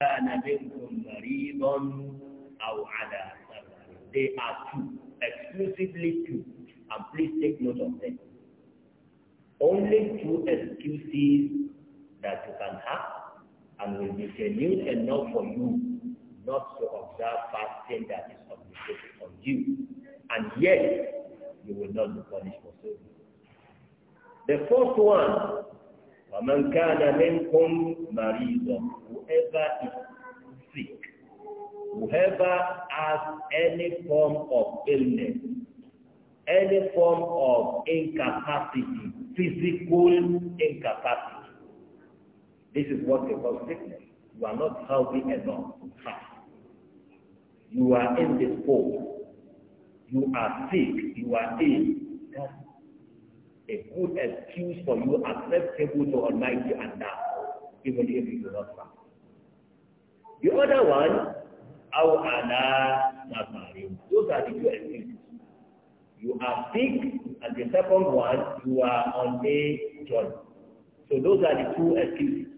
كان منكم مريضا أو على سفر they are two exclusively two and please take note of them only two excuses that you can have and will be genuine enough for you not to observe fasting that is obligated on you. And yet, you will not be punished for so The first one ومن كان منكم مريضا whoever is sick whoever has any form of illness any form of incapacity physical incapacity this is what they call sickness you are not healthy enough to fast you are indisposed you are sick you are ill that's a good excuse for you acceptable to Almighty and that even if you do not fast. The other one, our Allah Nazarim. Those are the two excuses. You are sick, and the second one, you are on a journey. So those are the two excuses.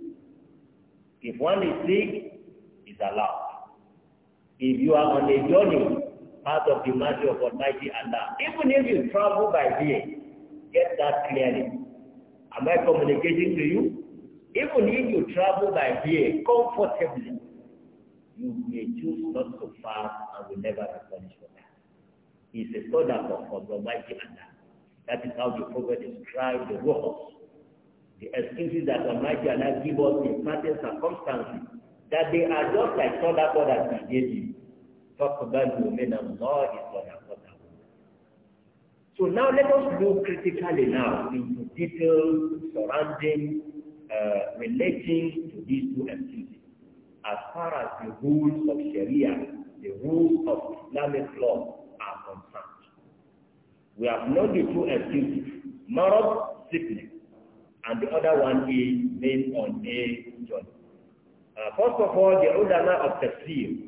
If one is sick, it's allowed. If you are on a journey, part of the mercy of Almighty Allah, even if you travel by day, Get that clearly. Am I communicating to you? Even if you travel by here comfortably, you may choose not to fast and will never replenish for that. It's a sodaka from the Almighty Allah. That is how the Prophet described the ruhos, the excuses that Almighty Allah gives us in certain circumstances, that they are just like sodaka that He gave you. Talk about the men of God is sodaka. So now let us look critically now into details surrounding, uh, relating to these two entities. As far as the rules of Sharia, the rules of Islamic law are concerned. We have known the two entities, marab, sickness, and the other one is based on a journey. Uh, first of all, the ulama of tafsir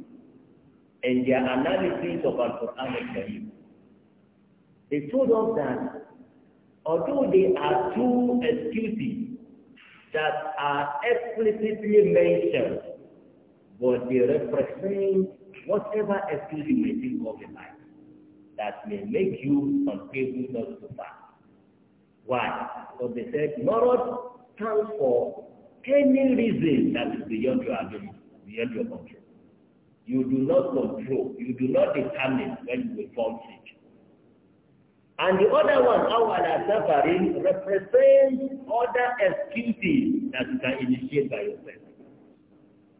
and their analysis of Al-Quran al they told us that although there are two excuses that are explicitly mentioned, but they represent whatever excuse you may think of in life that may make you unable not to fast. Why? Because they said Norod stands for any reason that is beyond your ability, beyond your control. You do not control, you do not determine when you will fall sick. And the other one, awala safarin, represents other activities that you can initiate by yourself.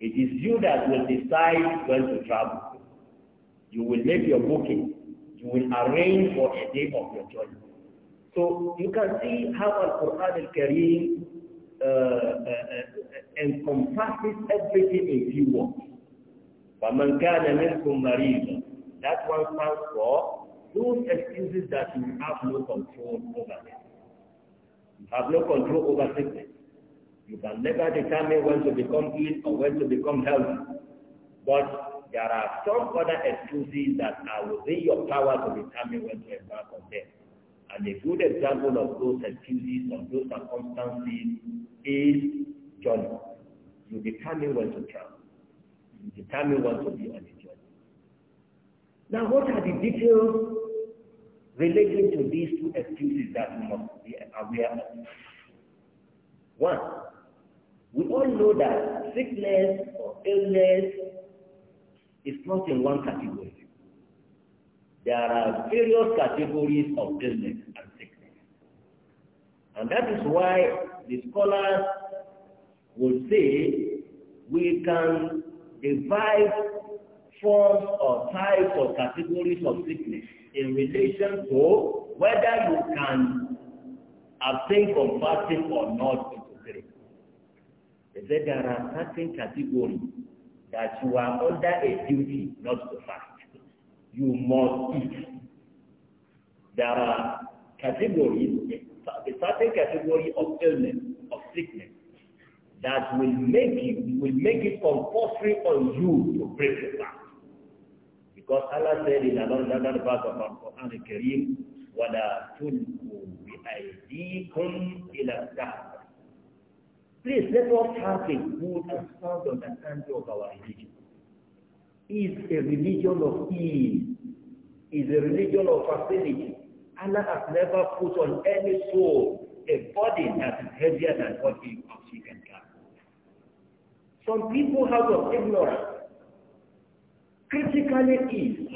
It is you that will decide when to travel. You will make your booking. You will arrange for a day of your choice. So you can see how Al-Quran al-Kareem uh, uh, uh, encompasses everything in few words. That one stands for those excuses that you have no control over them. You have no control over sickness. You can never determine when to become ill or when to become healthy. But there are some other excuses that are within your power to determine when to embark on them. And a good example of those excuses or those circumstances is journey. You determine when to travel. You determine when to be on a journey. Now, what are the details Relating to these two excuses that we must be aware of. One, we all know that sickness or illness is not in one category. There are various categories of illness and sickness. And that is why the scholars will say we can divide forms or types or categories of sickness in relation to whether you can abstain from fasting or not in They said there are certain categories that you are under a duty not to fast. You must eat. There are categories, a certain category of illness, of sickness, that will make you, will make it compulsory on you to break the fast. Because Allah said in وَلَا تُلْقُوا بِأَيْدِيكُمْ إِلَى Please let us have a good and sound understanding of our religion. It's a religion of ease. It's a religion of facility. Allah has never put on any soul a body that is heavier than what he or she can carry. Some people have of ignorance critically ill,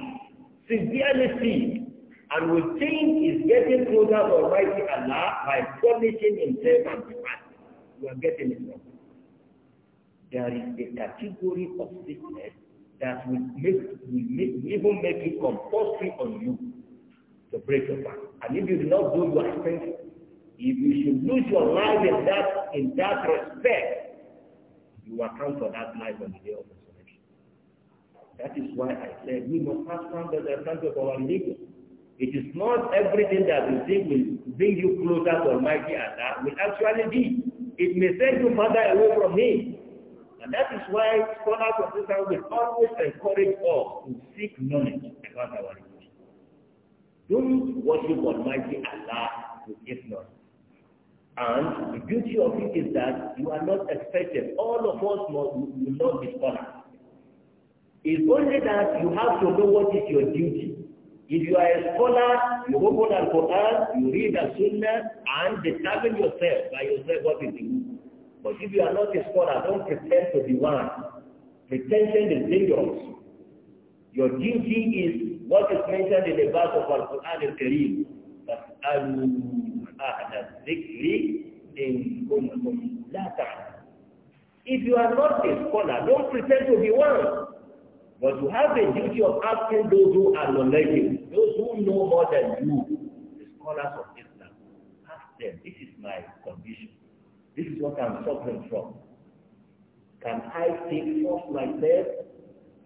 severely sick, and we think is getting closer to Almighty Allah by promising himself and fasting. We are getting it wrong. There is a category of sickness that will make, will make even make it compulsory on you to break your fast. And if you do not do, you strength, If you should lose your life in that in that respect, you account for that life on the day of that is why I said we must have standards the standards of our religion. It is not everything that we think will bring you closer to Almighty Allah will actually be. It may send you further away from Him. And that is why scholars of Islam will always encourage us to seek knowledge about our religion. Don't worship Almighty Allah with ignorance. And the beauty of it is that you are not expected. All of us must, will not be scholars. It's only that you have to know what is your duty. If you are a scholar, you open Al Quran, you read the Sunnah, and determine yourself by yourself what is good. But if you are not a scholar, don't pretend to be one. Pretension is dangerous. Your duty is what is mentioned in the verse of Al Quran Al Kareem. If you are not a scholar, don't pretend to be one. But you have a duty of asking those who are knowledgeable, those who know more than you, the scholars of Islam. Ask them, this is my condition. This is what I'm suffering from. Can I take force myself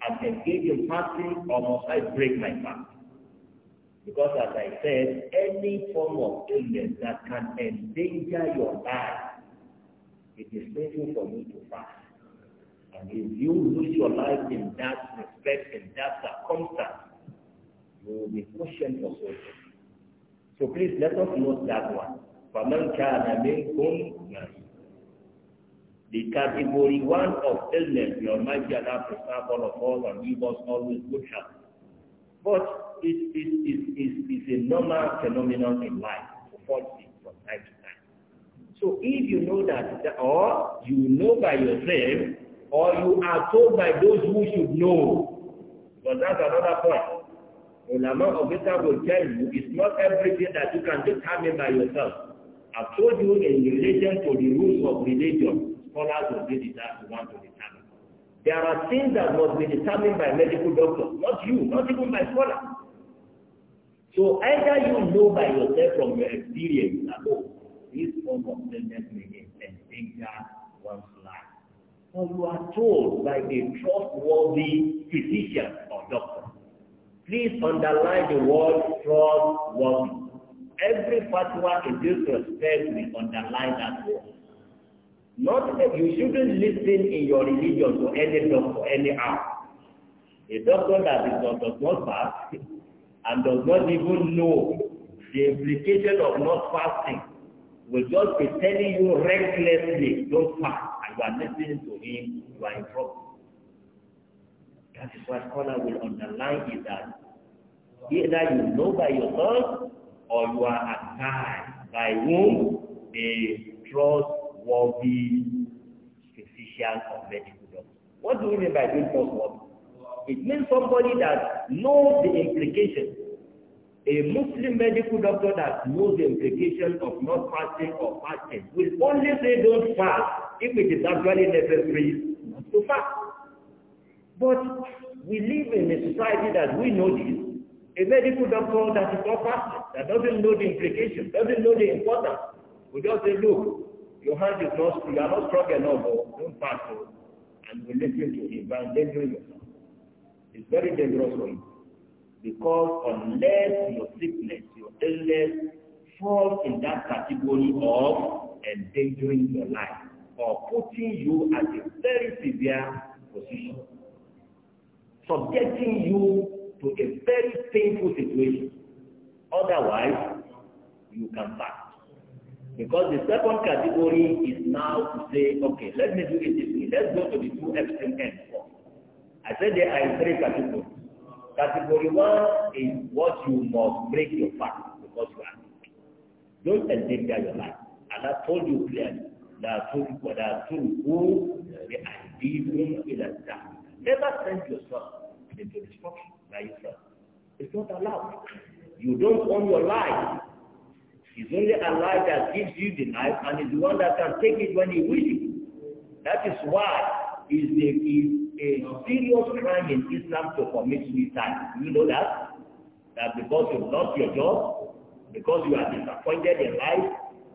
and engage in fasting or must I break my fast? Because as I said, any form of illness that can endanger your life, it is painful for me to fast. And if you lose your life in that respect, in that circumstance, you will be questioned for so So please let us note that one. فَمَنْ كَانَ مِنْكُمْ The category one of illness, the Almighty Allah preserve all of us and give us always good health. But it, it, it, it, it's a normal phenomenon in life to fall sick from time to time. So if you know that, or you know by yourself or you are told by those who should know. But that's another point. Ulama of Islam will tell you it's not everything that you can determine by yourself. I've told you in relation to the rules of religion, scholars will be that want to determine. There are things that must be determined by medical doctors, not you, not even by scholars. So either you know by yourself from your experience that, oh, this form of illness may endanger one's or you are told by a trustworthy physician or doctor. Please underline the word trustworthy. Every fatwa in this respect will underline that word. Not that you shouldn't listen in your religion to any doctor anyhow. A doctor that is not, does not fast and does not even know the implication of not fasting will just be telling you recklessly, don't pass, and you are listening to him, you are in trouble. That is why scholar will underline is that either you know by yourself or you are advised by whom a trustworthy physician or medical doctor. What do we mean by being trustworthy? It means somebody that knows the implications A Muslim medical doctor that knows the implications of not fasting or fasting will only say don't fast if it is actually necessary to fast. But we live in a society that we know this. A medical doctor that is not fasting, that doesn't know the implications, doesn't know the importance, will just say, look, your hand is not, you are not strong enough, or oh, don't fast, oh, and we listen to him, but then yourself. It's very dangerous for you because unless your sickness, your illness falls in that category of endangering your life or putting you at a very severe position, subjecting you to a very painful situation. Otherwise, you can pass. Because the second category is now to say, okay, let me do it this way. Let's go to the two extreme ends. I said there are three categories. Category one is what you must break your fast because you are sick. Don't endanger your life. And I told you clearly, لا who ولا تلقوا بأيديكم إلى الدعم. Never send yourself into destruction by yourself. It's not allowed. You don't own your life. It's only a life that gives you the life and is the one that can take it when you wish. That is why is a, is a serious crime in Islam to commit suicide. You know that? That because you've lost your job, because you are disappointed in life,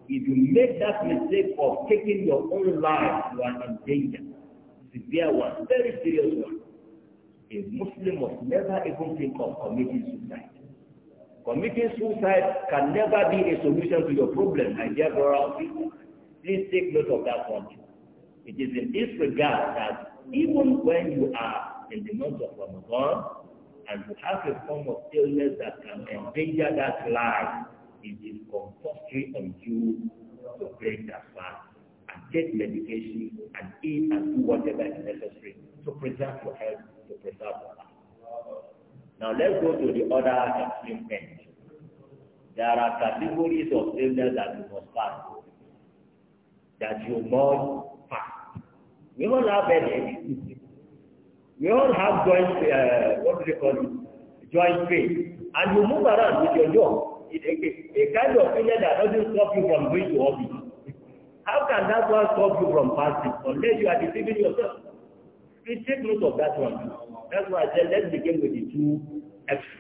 if you make that mistake of taking your own life, you are in danger. Severe one, very serious one. A Muslim must never even think of committing suicide. Committing suicide can never be a solution to your problem, my dear brother. Please take note of that one. It is in this regard that even when you are in the month of Ramadan and you have a form of illness that can endanger that life, it is compulsory on you to break that fast and take medication and eat and do whatever is necessary to preserve your health, to preserve your life. Now let's go to the other extreme end. There are categories of illness that you must fight that you must We all have an We all have joint, uh, what do they call it? Joint pain, And you move around with your job. It's a, kind of failure that doesn't stop you from going to office. How can that one stop you from fasting unless you are deceiving yourself? Please take note of that one. That's why I said let's begin with the two F's.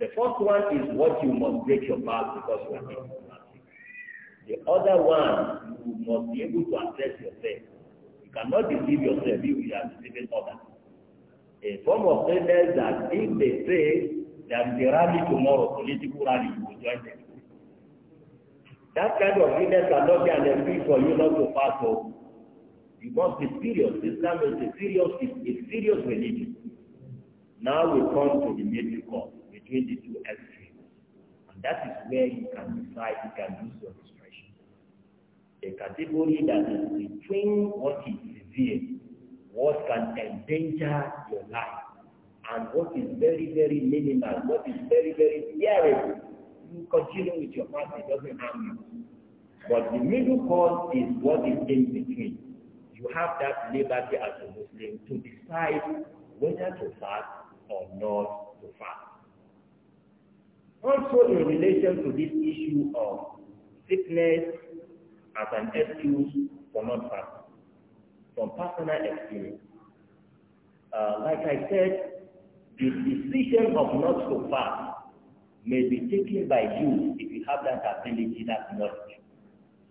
The first one is what you must break your fast because you are The other one, you must be able to assess yourself. You cannot deceive yourself if you are deceiving others. A form of fairness that if they say that the rally tomorrow, political rally, you will join them. That kind of fairness cannot be an excuse for you not to pass over. You must be serious. Islam is a serious, a serious religion. Now we come to the middle course between the two extremes. And that is where you can decide, you can do something a category that is between what is severe, what can endanger your life, and what is very, very minimal, what is very, very bearable. You continue with your fast, it doesn't harm you. But the middle course is what is in between. You have that liberty as a Muslim to decide whether to fast or not to fast. Also in relation to this issue of sickness as an excuse for not fasting from personal experience. Uh, like I said, the decision of not to fast may be taken by you if you have that ability, that knowledge,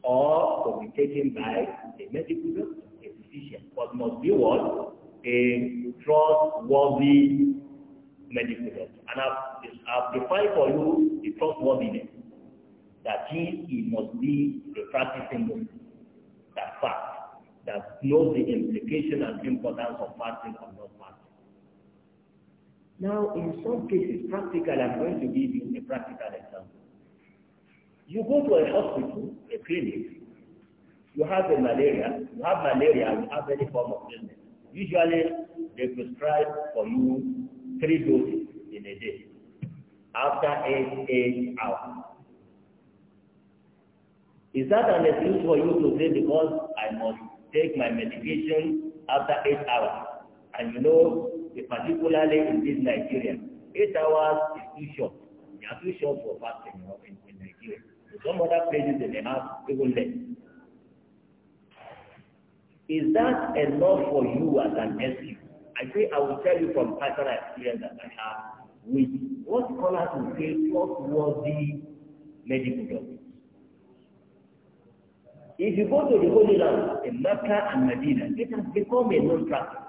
or will be taken by a medical doctor, a physician, but must be what? A trustworthy medical doctor. And I've, I've defined for you the trustworthiness. means he must be practicing Muslim. That fact that knows the implication and importance of fasting or not fasting. Now, in some cases, practical, I'm going to give you a practical example. You go to a hospital, a clinic, you have a malaria, you have malaria, you have any form of illness. Usually, they prescribe for you three doses in a day after eight, eight hours. Is that an excuse for you to say because I must take my medication after eight hours? And you know, particularly in this Nigeria, eight hours is too short. They are too short for fasting you know, in, in Nigeria. In some other places they may have even less. Is that enough for you as an excuse? I say I will tell you from personal experience that I have with what scholars would say trustworthy medical doctors. If you go to the Holy Land, in Mecca and Medina, it has become a known practice.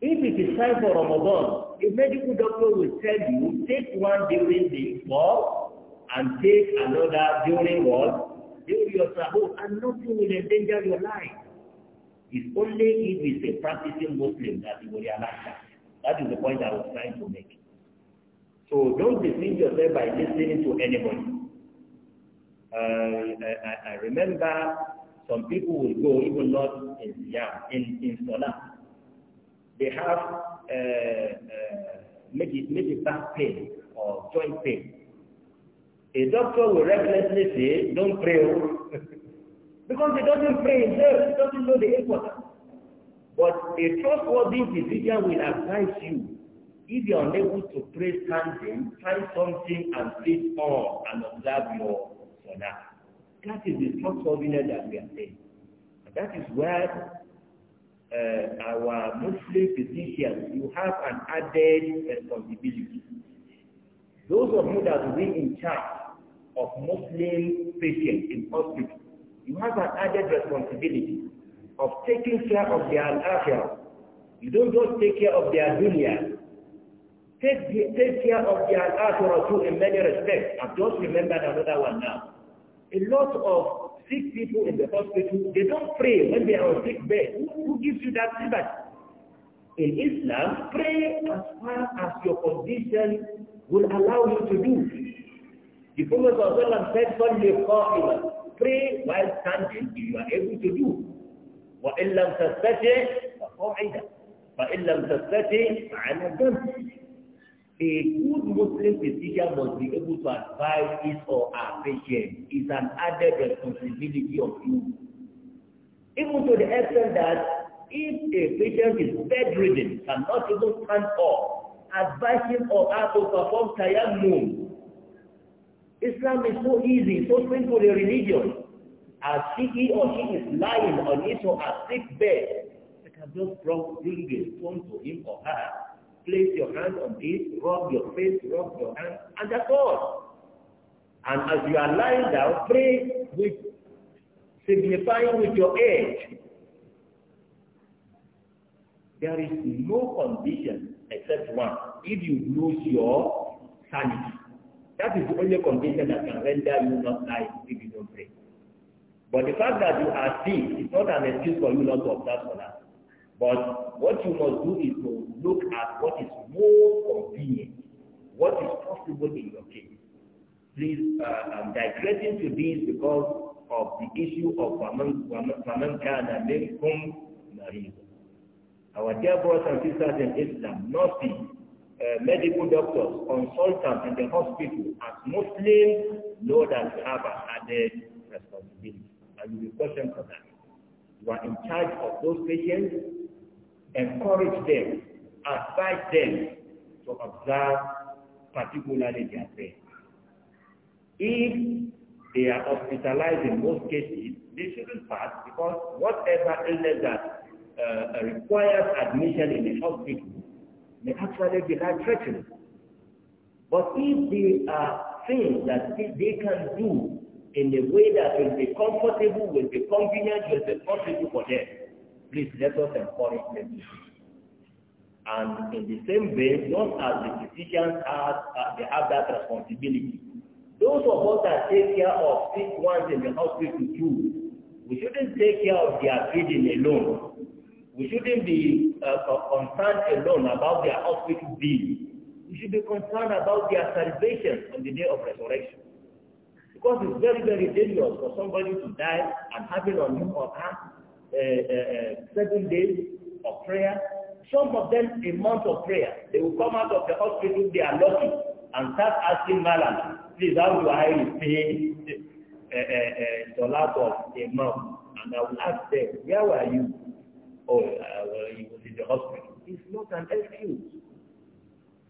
If it is time for Ramadan, a medical doctor will tell you, take one during the fall and take another during what? During your travel, and nothing will endanger your life. It's only if it's a practicing Muslim that you will realize that. That is the point I was trying to make. So don't deceive yourself by listening to anybody. I, I remember some people will go even not in yeah, in, in They have uh, uh, maybe, maybe back pain or joint pain. A doctor will recklessly say, don't pray. Oh. because he doesn't pray himself, he doesn't know the importance. But a trustworthy physician will advise you. If you are unable to pray standing, try something and sit on and observe your salah. That is the top formula that we are saying. That is where uh, our Muslim physicians, you have an added responsibility. Those of you that will be in charge of Muslim patients in hospital, you have an added responsibility of taking care of their affair. You don't just take care of their dunya. Take, take care of their or too in many respects. I've just remembered another one now. A lot of sick people in the hospital, they don't pray when they are on sick bed. Who gives you that liberty? In Islam, pray as far as your condition will allow you to do. The Prophet said, Sunday Qa'ila, pray while standing if you are able to do. وإن لم تستطع فقاعدا فإن لم تستطع فعلى A good Muslim physician must be able to advise his or her patient. Is an added responsibility of you. Even to the extent that if a patient is bedridden, cannot even stand up, advise him or her to perform tayammum. Islam is so easy, so simple a religion. As he or she is lying on his or her sick bed, I can just bring a phone to him or her place your hand on it, rub your face, rub your hand, and that's all. And as you are lying down, pray with signifying with your age. There is no condition except one. If you lose your sanity, that is the only condition that can render you not lying if you don't pray. But the fact that you are sick is not an excuse for you not to observe Salah. But what you must do is to look at what is more convenient, what is possible in your case. Please, uh, I'm um, digressing to this because of the issue of Faman and Minkum Mariza. Our dear brothers and sisters in Islam, not uh, medical doctors, consultants in the hospital, as Muslims, know that you have an added responsibility. And you will question for that. You are in charge of those patients, encourage them, advise them to observe particularly their prayer. If they are hospitalized in most cases, they shouldn't pass because whatever illness that uh, requires admission in a hospital may actually be life-threatening. But if they are things that they can do in a way that will be comfortable, will be convenient, will be possible for them, please let us encourage them And in the same vein, just as the physicians have, uh, they have that responsibility. Those of us that take care of sick ones in the hospital too, we shouldn't take care of their feeding alone. We shouldn't be uh, uh, concerned alone about their hospital bill. We should be concerned about their salvation on the day of resurrection. Because it's very, very dangerous for somebody to die and having on him uh, or her uh, uh, seven days of prayer Some of them a month of prayer. They will come out of the hospital, they are lucky, and start asking Malam, please, how do I pay eh, eh, eh, the lack of a month? And I will ask them, where were you? Oh, uh, was in the hospital. It's not an excuse.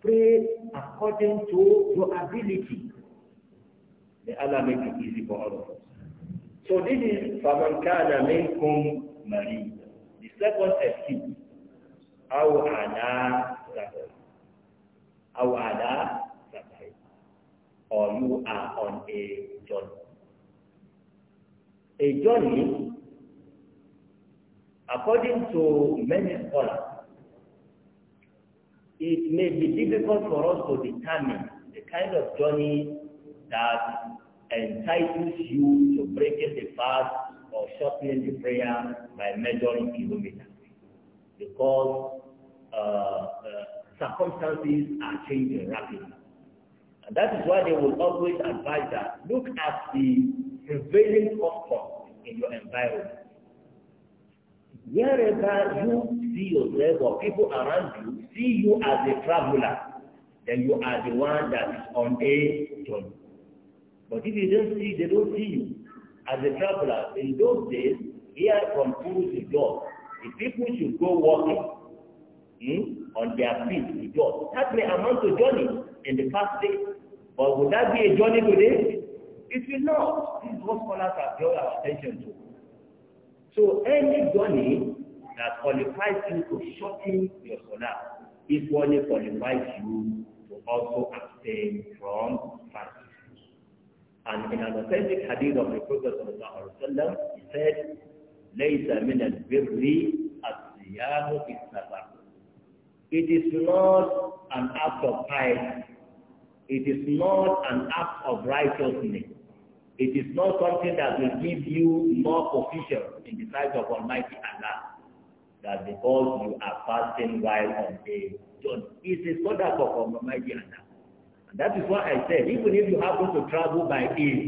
Pray according to your ability. May Allah make it easy for all of us. So this is فَمَنْ كَانَ مِنْكُمْ مَرِيدًا The second excuse awo àdá sàfẹ̀ awo àdá sàfẹ̀ or you are on a journey. A journey, according to many scholars, it may be difficult for us to determine the kind of journey that entitles you to break the fast or shorten the prayer by measuring kilometers because Uh, uh, circumstances are changing rapidly. And that is why they will always advise that look at the prevailing cost in your environment. Wherever you see yourself or people around you see you as a traveler, then you are the one that is on a journey. But if you don't see, they don't see you as a traveler. In those days, here from Kuru to Dor, The people should go walking, hmm, on their feet to jot. That may amount to journey in the past day. But would that be a journey today? It will not. This hmm, is what scholars have drawn our attention to. So any journey that qualifies you to shorten your salah equally qualifies you to also abstain from fasting. And in an authentic hadith of the Prophet ﷺ, he said, ليس من البر الصيام في السفر It is not an act of piety. It is not an act of righteousness. It is not something that will give you more position in the sight of Almighty Allah. That because you are fasting while on a journey, it is not that of Almighty Allah. And that is why I said, even if you happen to travel by air,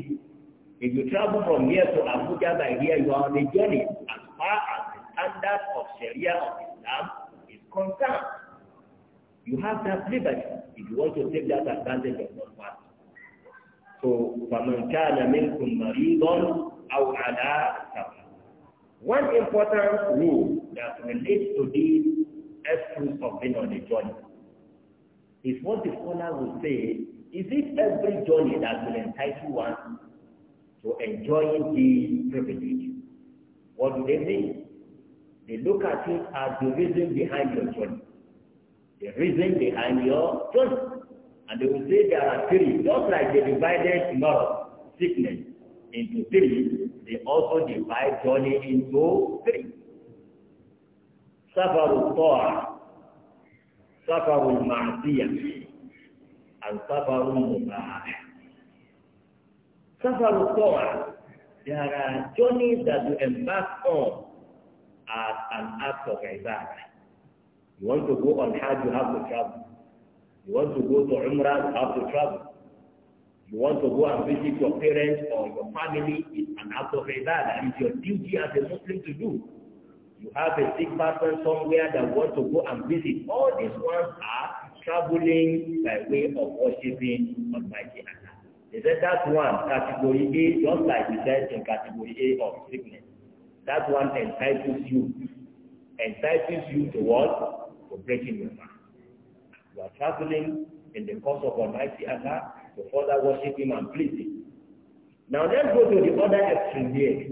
if you travel from here to Abuja by here, you are on a journey as far as the standard of Sharia of Islam is concerned. You have that liberty if you want to take that advantage of not So, فَمَنْ كَانَ مِنْكُمْ مَرِيضًا أَوْ عَلَىٰ One important rule that relates to this excuse of being on a journey is what the scholar will say, is it every journey that will entitle one to enjoying the privilege? What do they mean? They look at it as the reason behind your journey. The reason behind your truth. And they will say there are three, just like they divided tomorrow, sickness into three, they also divide journey into three. Safaru Torah, Safaru Ma'asiyah, and Safaru Mubah. Safaru Torah, there are journeys that you embark on as an act of ibadah. You want to go on Hajj, you have to travel. You want to go to Umrah, you have to travel. You want to go and visit your parents or your family, it's an act of ibadah. It's your duty as a Muslim to do. You have a sick person somewhere that wants to go and visit. All these ones are traveling by way of worshiping Almighty Allah. He said that one, category A, just like we said in category A of sickness. That one entitles you. Entitles you to what? for breaking your fast. You are traveling in the cause of Almighty Allah to further worship Him and please Him. Now let's go to the other extreme here.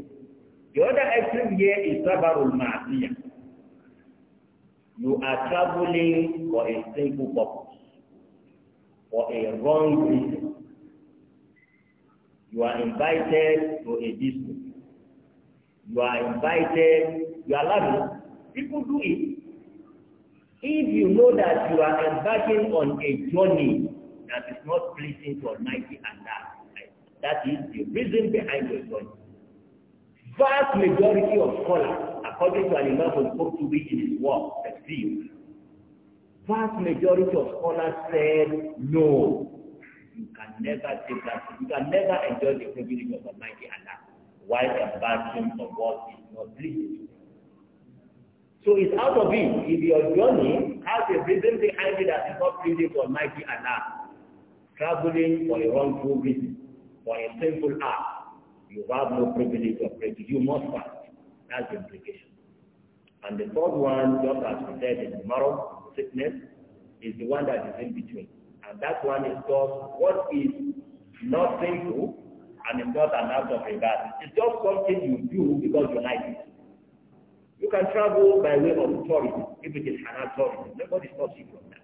The other extreme here is Tabarul Ma'asiyah. You are traveling for a sinful purpose, for a wrong reason. You are invited to a business. You are invited, you are allowed. People do it If you know that you are embarking on a journey that is not pleasing to Almighty Allah, that, that is the reason behind your journey. Vast majority of scholars, according to Al-Imam to qurtubi in his work, Tafsir, vast majority of scholars said, no, you can never take that, you can never enjoy the privilege of Almighty Allah while embarking on what is not pleasing to So it's out of it. If your journey has a reason behind it that is not pleasing to Almighty Allah, traveling for a wrongful reason, for a sinful act, you have no privilege of prayer. You must fast. That's the implication. And the third one, just as we said, is moral sickness, is the one that is in between. And that one is called what is not sinful and it's not an act of regard. It's just something you do because you like it. You can travel by way of tourism, if it is halal tourism. Nobody stops you from that.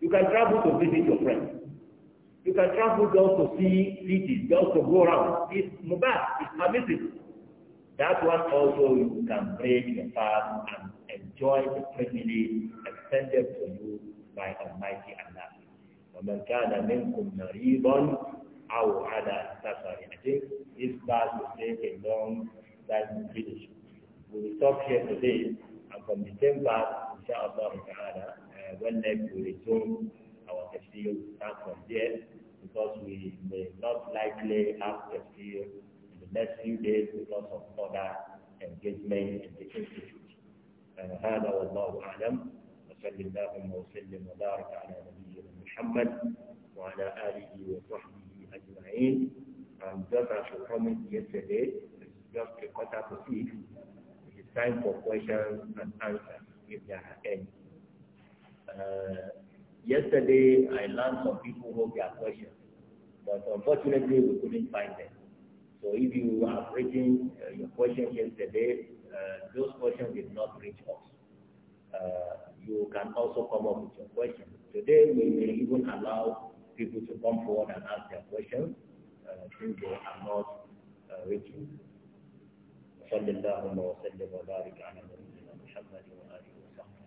You can travel to visit your friends. You can travel just to see cities, just to go around. It's mubah, it's permissible. That one also you can break your fast and enjoy the privilege extended to you by Almighty Allah. وَمَنْ كَانَ مِنْكُمْ مَرِيضًا أَوْ عَلَى سَفَرٍ I think this verse will take a long time to we will stop here today, and from the same part, inshallah ta'ala, uh, when next we resume our tafsir, start from there, because we may not likely have tafsir in the next few days because of other engagement in the institute. Uh, هذا والله أعلم وصل اللهم وسلم وبارك على نبينا محمد وعلى آله وصحبه أجمعين. And just as we promised yesterday, it's just a quarter to six time for questions and answers, if there are any. Uh, yesterday, I learned some people who their questions, but unfortunately, we couldn't find them. So if you are written uh, your questions yesterday, uh, those questions did not reach us. Uh, you can also come up with your questions. Today, we may even allow people to come forward and ask their questions uh, since they are not uh, reaching. صل اللهم وسلم وبارك على نبينا محمد وآله وصحبه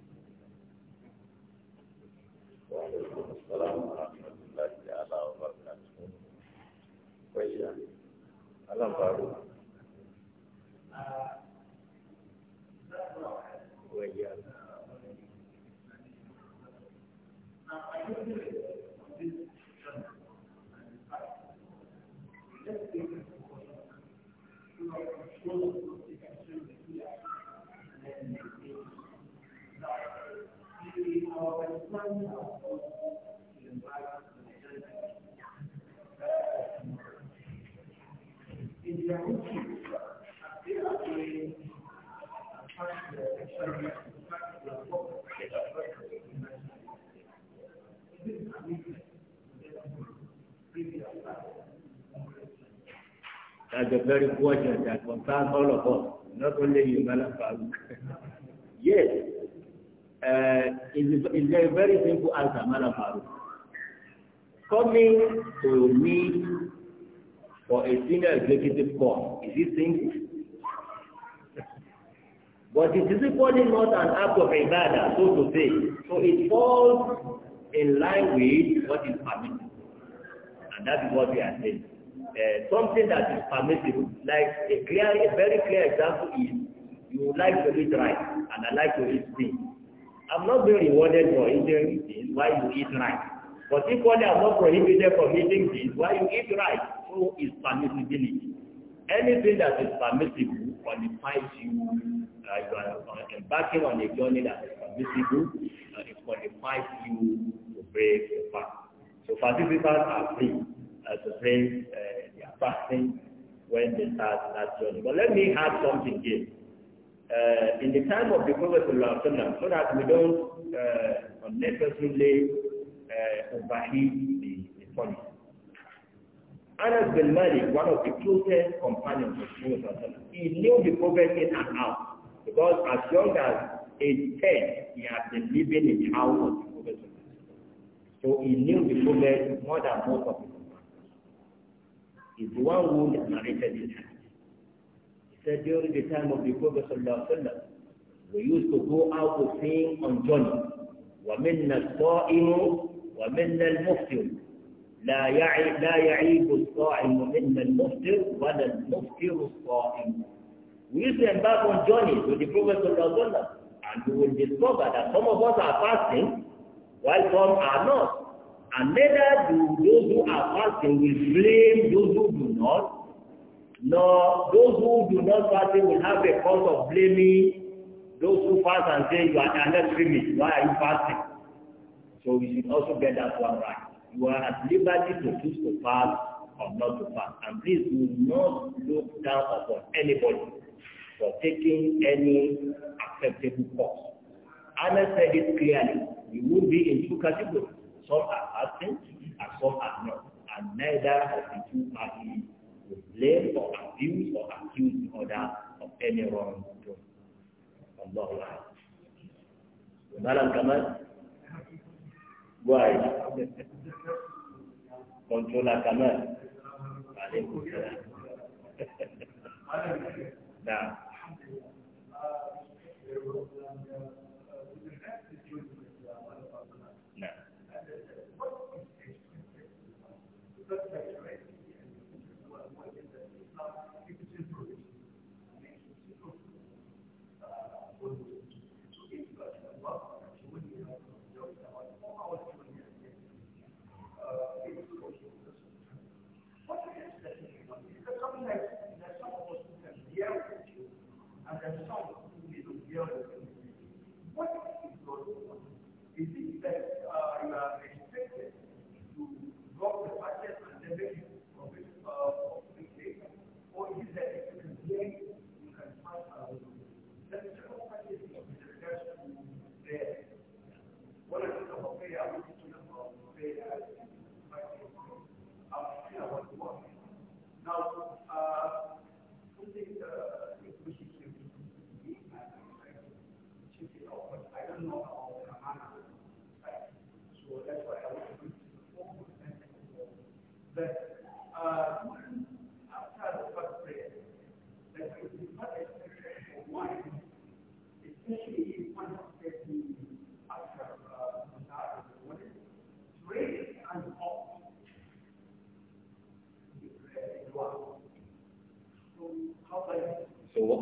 وعليكم السلام ورحمة الله تعالى وبركاته وإياك ألم فاروق وإياك Thank you. Thank you. In are That's a very question that concerns all of us, not only you, Malam Yes, Eh, is a very simple answer Malam Farooq. Coming to me for a senior executive call, is it simple? But it is equally not an act of ibadah, so to say. So it falls in line with what is permitted. And that is what we are saying. Uh, something that is permissible, like a clear, a very clear example is you like to eat rice and I like to eat beans. I'm not being rewarded for eating this why you eat right. But equally, I'm not prohibited from eating this why you eat right. So is permissibility. Anything that is permissible qualifies you, uh, you are uh, embarking on a journey that is permissible, uh, it qualifies you to break the fast. So participants are free uh, to break uh, their fasting when they start that journey. But let me add something here. Uh, in the time of the Prophet so that we don't uh, unnecessarily uh, overheat the, the anna Anas bin Malik, one of the closest companions of the Prophet he knew the Prophet in and out because as young as age 10, he had been living in the house of the Prophet So he knew the Prophet more than most of the companions. He's the one who narrated this hadith during the time of the Prophet ﷺ, we used to go out to sing on journey. وَمِنَّا الصَّائِمُ ومن الْمُفْتِرُ لا يعيب لا يعيب الصائم منا المفطر ولا المفطر الصائم. We used to embark on journeys with the Prophet ﷺ, and we will discover that some of us are fasting, while some are not. And neither do those who are fasting will blame those who do not, nor those who do not fast will have a cause of blaming those who fast and say you are under extremist. Why are you fasting? So we should also get that one right. You are at liberty to choose to fast or not to fast. And please do not look down upon anybody for taking any acceptable course. Anna said it clearly. You will be in two categories. Some are fasting and some are not. And neither of the two are easy. blame or abuse or accuse the other of any wrongdoing. Allah Allah. Madam Kamal, why? Controller Kamal. Alaykum salam. Now.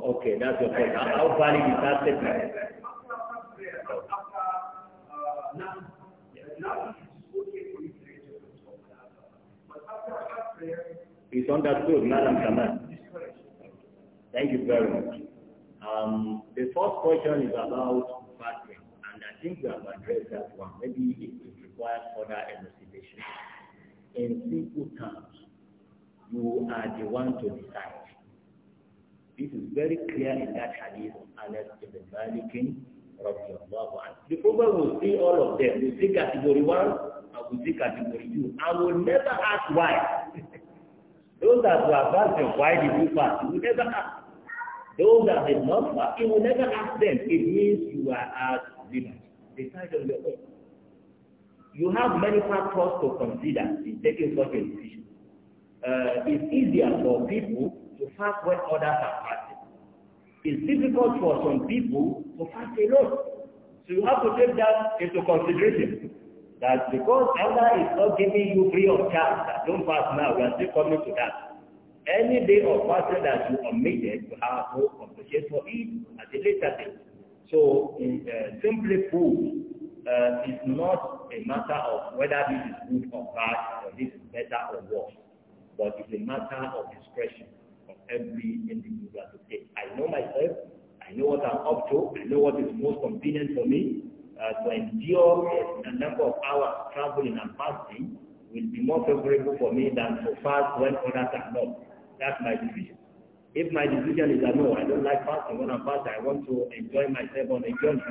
Okay, that's your point. How valid is that statement? It's understood, Madam Kamal. Thank you very much. Um, the first question is about fasting, and I think we have addressed that one. Maybe it, it requires further elucidation. In simple terms, you are the one to decide This is very clear in that hadith of Anas ibn Malik radiallahu anhu. The Prophet will see all of them. We'll see category one and we'll see category two. I will never ask why. Those that were asking why did you fast, you will never ask. Those that did not fast, you will never ask them. It means you are at liberty. Decide on your own. You have many factors to consider in taking such a decision. Uh, it's easier for people to fast when others are It's difficult for some people to fast alone. So you have to take that into consideration. That because Allah is not giving you free of charge, that don't fast now, we are still coming to that. Any day of fasting that you omitted, you have to compensate for it at a later date. So in, uh, simply food uh, is not a matter of whether this is good or bad, or this is better or worse, but it's a matter of discretion every individual to say, I know myself, I know what I'm up to, I know what is most convenient for me. Uh, to endure a, number of hours traveling and fasting will be more favorable for me than to fast when others are not. That's my decision. If my decision is that no, I don't like fasting, when I'm fasting, I want to enjoy myself on a journey.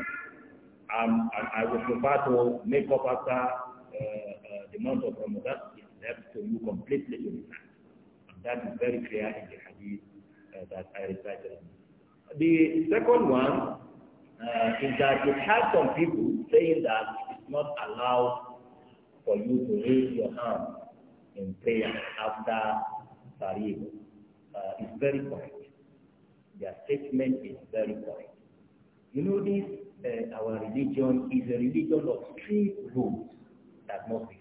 Um, I, I prefer to make up after uh, uh, the month of Ramadan. It's left to you completely to decide. And that is very clear in the uh, that I recited. The second one uh, is that you have some people saying that it's not allowed for you to raise your hand in prayer after Tariq. Uh, it's very correct. Their statement is very correct. You know this, uh, our religion is a religion of strict rules that must be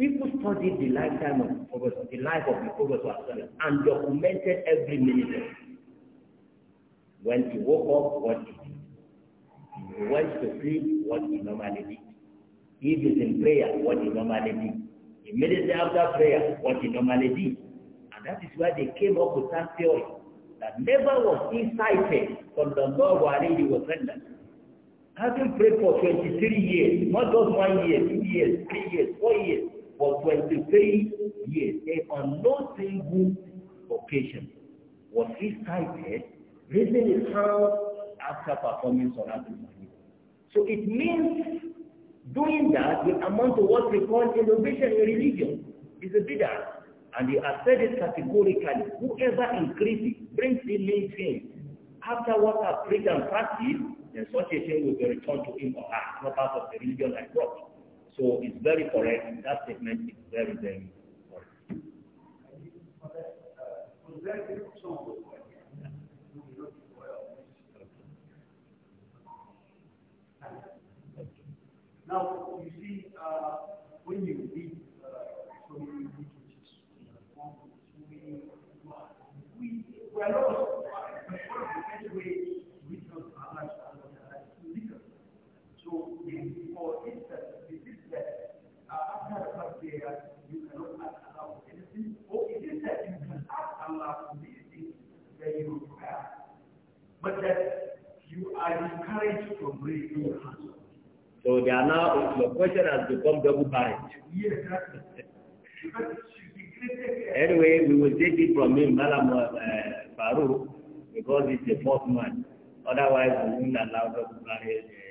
People studied the lifetime of the Prophet, the life of the Prophet and documented every minute of it. When he woke up, what he did. He went to sleep, what he normally did. He is in prayer, what he normally did. he Immediately after prayer, what he normally did. And that is why they came up with that theory that never was incited from the Lord already was rendered. Having prayed for 23 years, not just one year, two years, three years, four years, for 23 years, and on no single occasion was he cited raising his hand after performing Salat So it means doing that will amount to what we call innovation in religion. is a bid'ah. And they are said it categorically. Whoever increases, brings in main things. After what I've preached and practiced, then such a thing will be returned to him or her, not part of the religion I brought. So it's very correct. That statement is very, very correct. Now, you see, uh, when you read uh, so many literature, we, we are not that you anything, or that you can but that you are So they are now, your question has become double anyway, we will take it from him, Malam uh, because he's the fourth man. Otherwise, we won't allow double-barreled uh,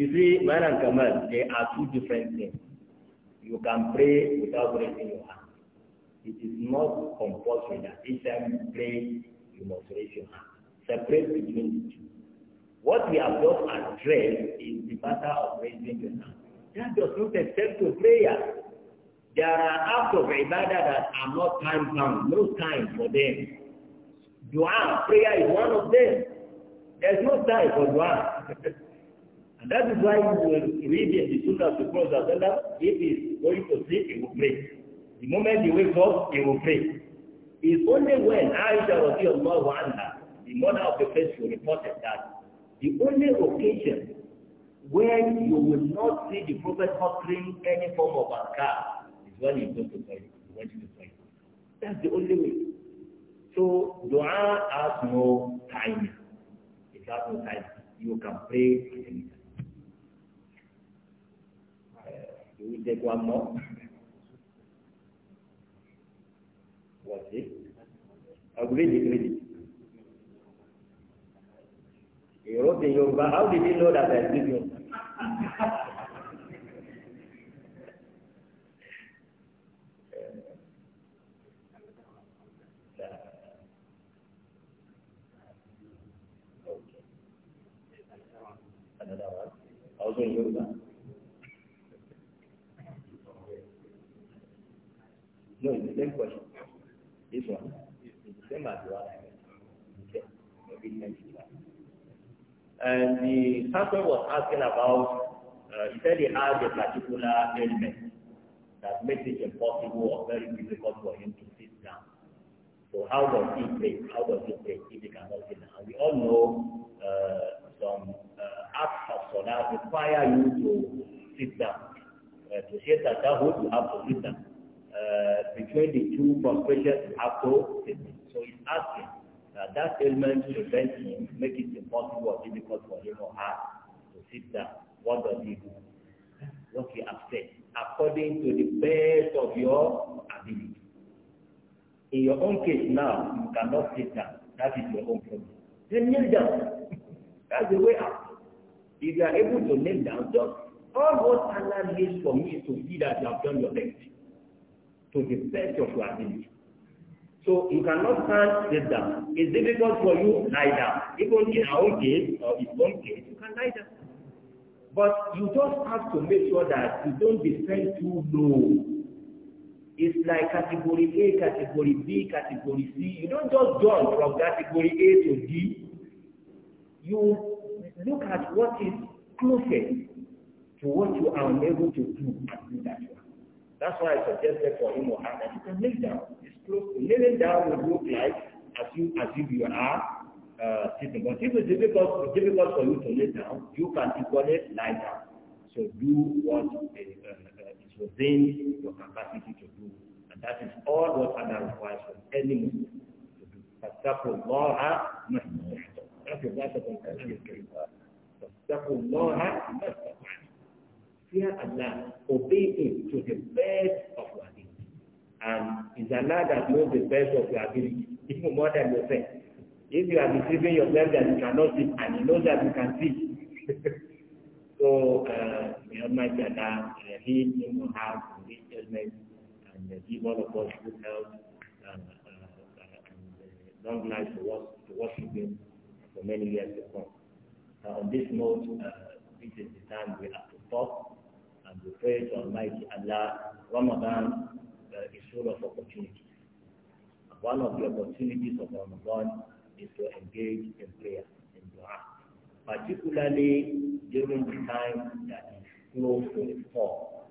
You see, man and Kamal, they are two different things. You can pray without raising your hand. It is not compulsory that each time you pray, you must raise your hand. Separate between the two. What we have just addressed is the matter of raising your hand. That does not extend to prayer. There are acts of ibadah that are not time bound, no time for them. Dua, prayer is one of them. There's no time for dua. That is why we will read the Sunnah to close the Allah. If he is going to sleep, he will pray. The moment he wakes up, he will pray. It's only when Aisha radiallahu anha, the mother of the faithful, reported that the only occasion when you will not see the Prophet offering any form of ankar is when he goes to pray. when he goes That's the only way. So dua has no time. It has no time. You can pray anytime. they want more. What's it? Upgrade the credit. He wrote in Yoruba, how did he know that I did you? Also in No, it's the same question. This one. It's the same as the one I mentioned. Okay. Next and the person was asking about, uh, he said he had a particular ailment that makes it impossible or very difficult for him to sit down. So how does he pray? How does he pray if he cannot sit down? We all know uh, some uh, acts of salah require you to sit down. Uh, to say that you have to sit down. Uh, between the two compression after So he's asking that that element prevent him, make it impossible or difficult for him or her to sit down. What does he do? What he has according to the best of your ability. In your own case now, you cannot sit down. That is your own problem. Then kneel down. That's the way out. If you are able to kneel down, just all what Allah needs for me is to see that you have done your best to the best of your ability. So you cannot stand sit down. It's difficult for you lie down. Even in our case or his own case, you can lie down. But you just have to make sure that you don't descend too low. It's like category A, category B, category C. You don't just jump from category A to D. You look at what is closest to what you are unable to do and do that That's why I suggested for him or you can lay down. It's close to laying down would look like as you as if you are uh, sitting. But if it's difficult difficult for you to lay down, you can equally lie down. So do what is, uh, uh, is within your capacity to do. And that is all what Allah requires from any Muslim to do. فاتقوا الله That's the verse of the Quran. فاتقوا الله Fear Allah, obey Him to the best of your ability. And it's Allah that knows the best of your ability, even more than yourself. If you are deceiving yourself that you cannot see, and He knows that you can see. so, uh, may Almighty Allah uh, heal him or her from this illness and uh, give all of us good health and, uh, and uh, uh, long life to, work, to worship Him for many years to come. on this note, uh, this is the time we have to stop. and we pray to Almighty Allah, Ramadan uh, is full of opportunities. One of the opportunities of Ramadan is to engage in prayer, in dua, particularly during the time that is close to the fall.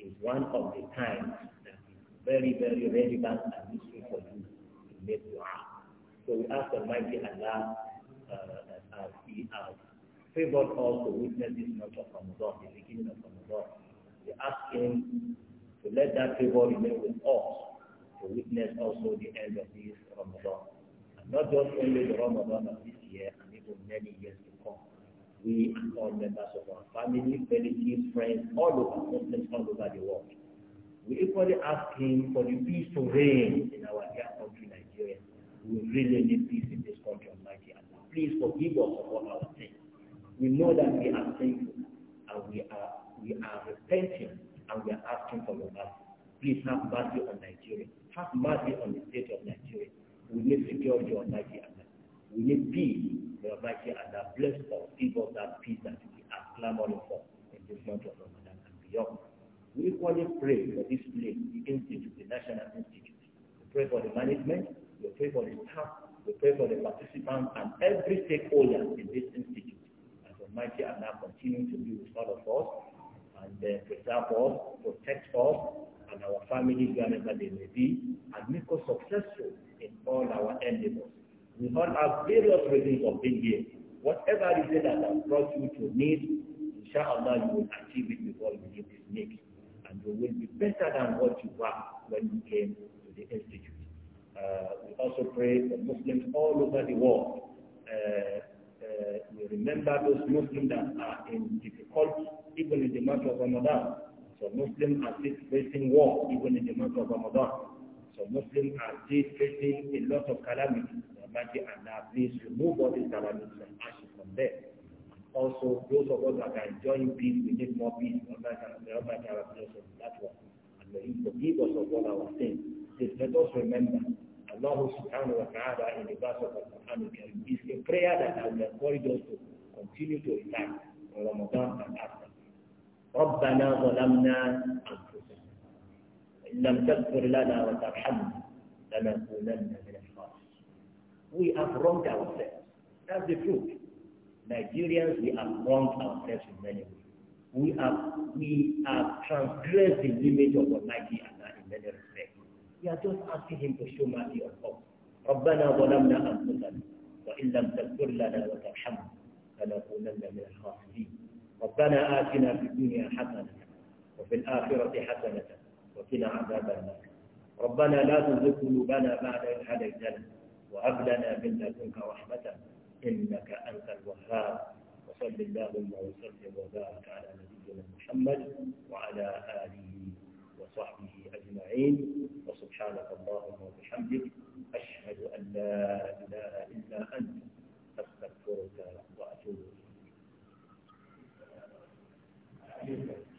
Is one of the times that is very, very relevant and useful for you to make dua. So we ask Almighty Allah uh, as He has favored us to witness this month of Ramadan, the beginning of Ramadan. We ask Him to let that favor remain with us to witness also the end of this Ramadan. And not just only the Ramadan of this year and even many years to come. We and all members of our family, relatives, friends, all over, Muslims all over the world. We equally ask Him for the peace to reign in our dear country, Nigeria. We really need peace in this country, Almighty Allah. Please forgive us we know that we are sinful. brought you to need, inshallah you will achieve it before you leave this need. And you will be better than what you were when you came to the institute. Uh, we also pray for Muslims all over the world. Uh, uh, we remember those Muslims that are in difficulty, even in the month of Ramadan. So Muslims are still facing war, even in the month of Ramadan. So Muslims are still facing a lot of calamities. Almighty Allah, please remove all these calamities and ashes from there also those of us that are enjoying peace, we need more peace. May Almighty Allah bless us that one. And may He forgive us of all our sins. Please let us remember Allah subhanahu wa ta'ala in the verse of Al-Quran is a prayer that I will encourage us to continue to recite in Ramadan and after. ربنا ظلمنا أنفسنا لم تغفر لنا وترحمنا لنكونن من الخاسرين. We have wronged ourselves. That's the truth. Nigerians, we have wronged ourselves in many ways. We have, we have transgressed the limit of Almighty Allah in many respects. We are just asking Him to show mercy on us. ربنا ظلمنا أنفسنا وإن لم تغفر لنا وترحمنا لنكونن من الخاسرين. ربنا آتنا في الدنيا حسنة وفي الآخرة حسنة وقنا عذاب النار. ربنا لا تزغ قلوبنا بعد إذ هديتنا وهب لنا من لدنك رحمة إنك أنت الوهاب وصل اللهم وسلم وبارك على نبينا محمد وعلى آله وصحبه أجمعين وسبحانك اللهم وبحمدك أشهد أن لا إله إلا أنت أستغفرك وأتوب إليك